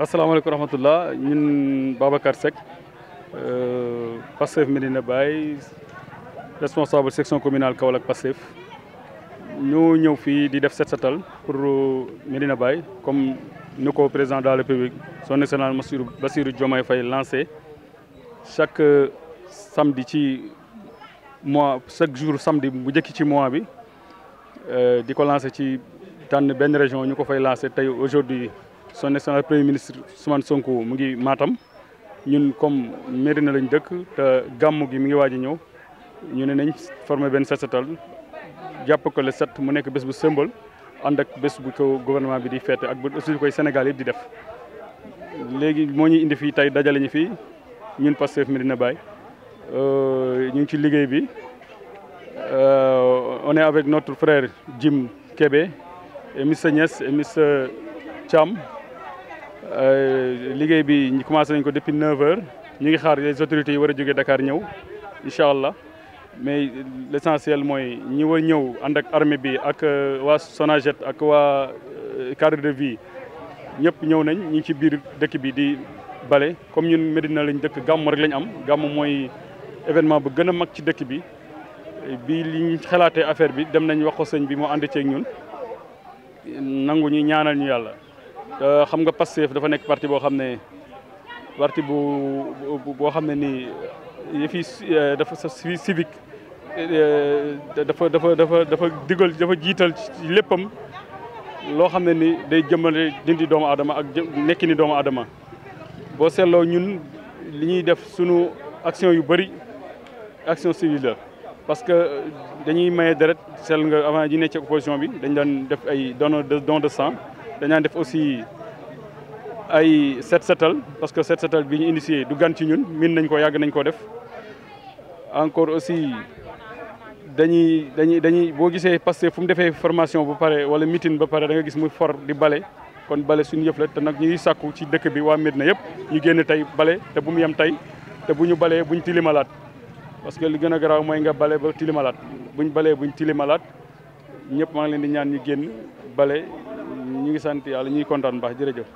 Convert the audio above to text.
asalaamaaleykum wa rahmatulah ñun Babacar Seck euh, Pastef Medina Baye responsable section communale Kaolack Pastef ñu ñëw fii di def set setal pour Medina Baye comme ñu ko président de la république son excellence Bassirou Bassirou Diomaye fay lancé chaque samedi ci mois chaque jour samedi bu njëkk ci mois bi euh, di ko lancé ci tànn benn région ñu ko fay lancé tey aujourd'hui son excellence premier ministre Ousmane Sonko mu ngi maatam ñun comme Médina lañ dëkk te gàmmu gi mi ngi waaj a ñëw ñu ne nañ former benn sa setal jàpp ko le set mu nekk bés bu symbole ànd ak bés bu ko bi di fête ak bu aussi koy Sénégal yëpp di def. léegi moo ñu indi fii tey dajale ñu fii ñun Pastef Médina Baye euh, ñu ngi ci liggéey bi euh, on est avec notre frère Jim Kébé et Mister Niass et Mister Thiam. Euh, liggéey bi ñu commencé nañ ko depuis 9h ñu ngi xaar les autorités yi war a jógee Dakar ñëw incha allah mais l' essentiel mooy ñi war ñëw ànd ak armée bi ak euh, waa Sonaget ak waa euh, cadre de vie ñëpp ñëw nañ ñu ci biir dëkk bi di bale comme ñun na lañ dëkk gàmm rek lañ am gàmm mooy événement bu gën a mag ci dëkk bi bi li ñu xalaatee affaire bi dem nañ wax ko sëñ bi moo ànd ceeg ñun nangu ñu ñaanal ñu yàlla. Euh, xam nga Pastef dafa nekk parti boo xam ne parti bu boo xam ne nii yëfi euh, dafa sa civique euh, dafa dafa dafa dafa digal dafa jiital ci léppam loo xam ne ni day jëmale dindi doomu adama ak nekki ni doomu aadama boo seetloo ñun li ñuy def sunu action yu bëri action civile la parce que dañuy maye deret seetlu nga avant ñi ne ci opposition bi dañ daan def ay don de don de sang dañaan def aussi ay set setal parce que set setal bi ñu initié du gan ci ñun miin nañ ko yàgg nañ koo def encore aussi dañuy dañuy dañuy boo gisee que fu mu defee formation ba pare wala meeting ba pare danga gis muy for di bale kon bale suñu yëf la te nag ñuy sàkku ci dëkk bi waa na yëpp ñu génn tey bale te bu mu yem tey te bu ñu balee buñ tilimalaat parce que li gën a garaaw mooy nga bale ba tilimalaat buñ balee buñ tilimalaat ñëpp maa leen di ñaan ñu génn bale ñu ngi sant yàlla ñuy kontaan bu baax jërëjëf.